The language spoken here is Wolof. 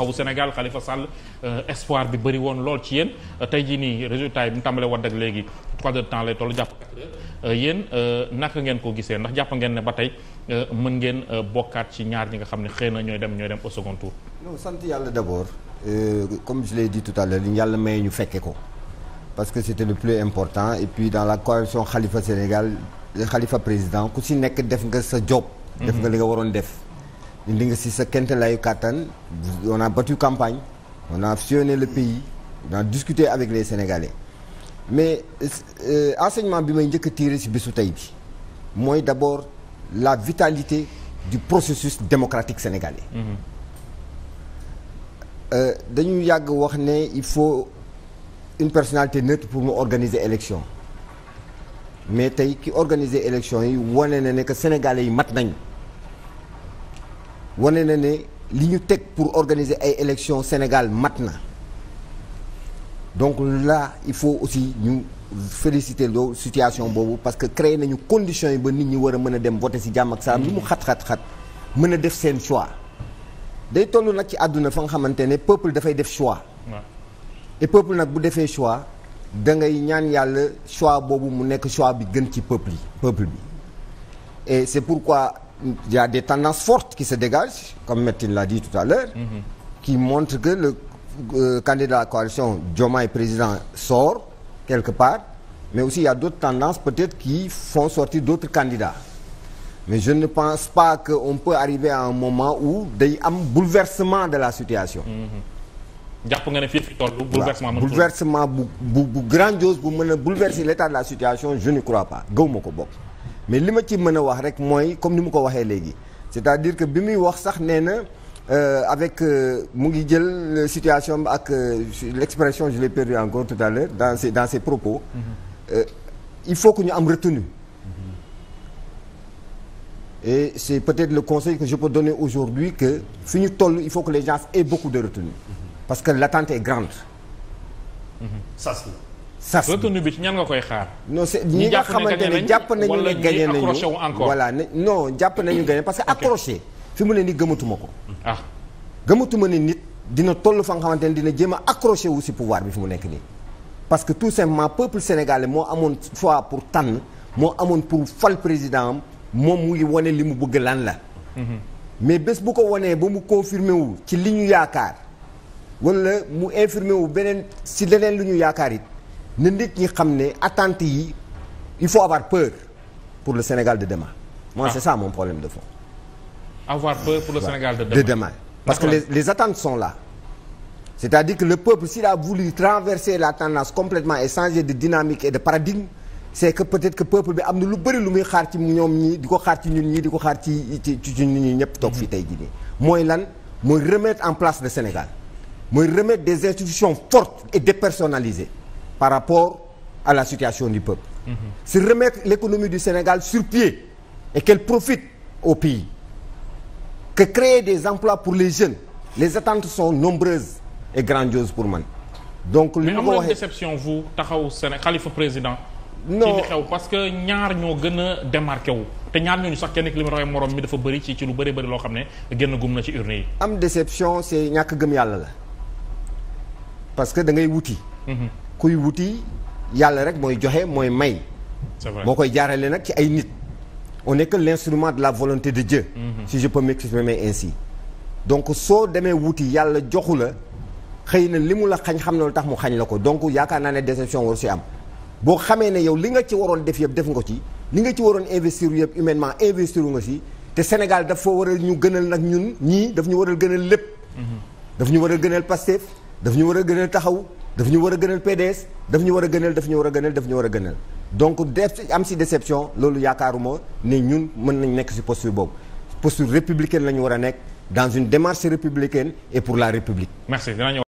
taxawu Sénégal Khalifa Sall euh, espoir bi bëri woon lool ci yéen euh, tey jii nii résultat yi mu tàmbalee wadd ak léegi trois heures de temps lay toll jàpp euh, yéen gisee ndax jàpp ngeen ne ba tey mën ngeen bokkaat ci ñaar ñi nga xam ne xëy na ñooy dem ñooy dem au second tour. non sant yàlla d'abord comme je l'ai dit tout à l'heure yàlla may ñu fekke ko parce que c'était le plus important et puis dans la coalition Khalifa Sénégal Khalifa président ku si nekk def nga sa job. def nga li nga waroon def. indi nga si sa kéemtalaayu kàttan on battu campagne on a le pays on a discuté avec les sénégalais mais euh, enseignement bi may njëkk a tiré bésu tey bi mooy d'abord la vitalité du processus démocratique sénégalais. Mm-hmm. Euh, dañu yàgg wax ne il faut une personnalité neutre pour mu organiser élection mais tey ki organiser élection yi wane na ne que yi mat nañu. wane na ne li ñu teg pour organiser ay élections Sénégal mat na donc la il faut aussi ñu féliciter loo situation boobu parce que créé nañu conditions yi ba nit ñi war a mën a dem voter si jàmm ak salaam mm. lu mu xat-xat-xat mën a def seen choix day toll nag ci àdduna fa nga xamante ne peuple dafay def choix et peuple nag bu defee choix dangay ñaan yàlla choix boobu mu nekk choix bi gën ci peuple yi peuple bi et c'est pourquoi il y a des tendances fortes qui se dégagent, comme Metin l'a dit tout à l'heure, mhm. qui montrent que le euh, candidat à la coalition, Dioma est président, sort quelque part, mais aussi il y a d'autres tendances peut-être qui font sortir d'autres candidats. Mais je ne pense pas qu'on peut arriver à un moment où il y a de la situation. Mm -hmm. jàpp nga ne fii fi toll bouleversement bouleversement bu grandiose bu mën a bouleverser l'état de la situation je ne mais li ma ci mën a wax rek mooy comme ni mu ko waxee léegi c'est-à-dire que bi muy wax sax nee na euh, avec euh, mu ngi jël euh, situation bi ak l'expression je l'ai perdu encore tout à dans ses dans ses propos mm-hmm. il faut que ñu am retenue mm-hmm. et c'est peut-être le conseil que je peux donner aujourd'hui que fi ñu toll il faut que les gens aient beaucoup de retenue mm-hmm. parce que l'attente est grande. sas sas retenu bi ci koy xaar. non c'est ñi nga xamante ne jàpp nañu ne gagné nañu voilà non jàpp nañu gagné parce que accroché fi mu ne nii gëmatuma ko. ah gëmatuma ne nit dina toll fa nga xamante dina jéem a accroché wu si pouvoir bi fi mu nekk nii. parce que tout simplement peuple sénégalais moo amoon fois pour tànn moo amoon pour fal président moom mu ngi wane li mu bëgg lan la. Mhm. mais bés bu ko wanee ba mu confirmé wu ci li ñu yaakaar wala mu infirmé wu beneen si leneen lu ñu yaakaar it. na nit ñi xam ne attentes yi il faut avoir peur pour le Sénégal de demain. moi ah. c'est ça de fond. avoir peur pour le ouais. Sénégal de parce que les les attentes sont là. c'est-à-dire que le peuple s'il a voulu traverser la tendance complètement et changer de dynamique et de paradigme c'est que peut-être que peuple bi am na lu bëri lu muy xaar ci ñoom ñii di ko xaar ci ñun ñii di ko xaar ci ñun ñii ñëpp toog fii tey jii mooy lan mooy remettre en place de Sénégal mooy remettre des institutions fortes et dépersonnalisées par rapport à la situation du peuple. Mmh. C'est remettre l'économie du Sénégal sur pied et profit au pays. Que créer des emplois pour les jeunes, les attentes sont nombreuses et grandioses pour man. donc li ñu ko waxee mais déception vous taxaw Sénégal xalifa président. non ci xew parce que ñaar ñoo gën a démarqué wu. te ñaar ñooñu sax kenn ki li mu rawee morom mi dafa bëri ci ci lu bëri bëri loo xam ne génn gum ci urne yi. am déception c'est ñàkk gëm yàlla la parce que da ngay wuti. Mhm. kuy wuti yàlla rek mooy joxe mooy may. c'est vrai moo koy jaarale nag ci ay nit. on nekk que l'instrument de la volonté de Dieu. Mm -hmm. si je peux ainsi. donc soo demee wuti yàlla joxu la xëy na li mu la xañ xam ne lu tax mu xañ la ko donc yaakaar naa ne déception waru si am boo xamee ne yow li nga ci waroon def yëpp def nga ci li nga ci waroon investir yëpp humainement investir nga si te Sénégal foo waral ñu gënal nag ñun ñii daf ñu waral gënal lépp. Mm-hmm. daf ñu waral gënal Pastef daf ñu waral gënal taxaw. daf ñu war a gënal PDS daf ñu war a gënal daf ñu war a gënal daf ñu war a gënal donc def am si déception loolu yaakaaruma ne ñun mën nañu nekk si posture boobu posture républicaine la ñu war a nekk dans une démarche républicaine et pour la République. merci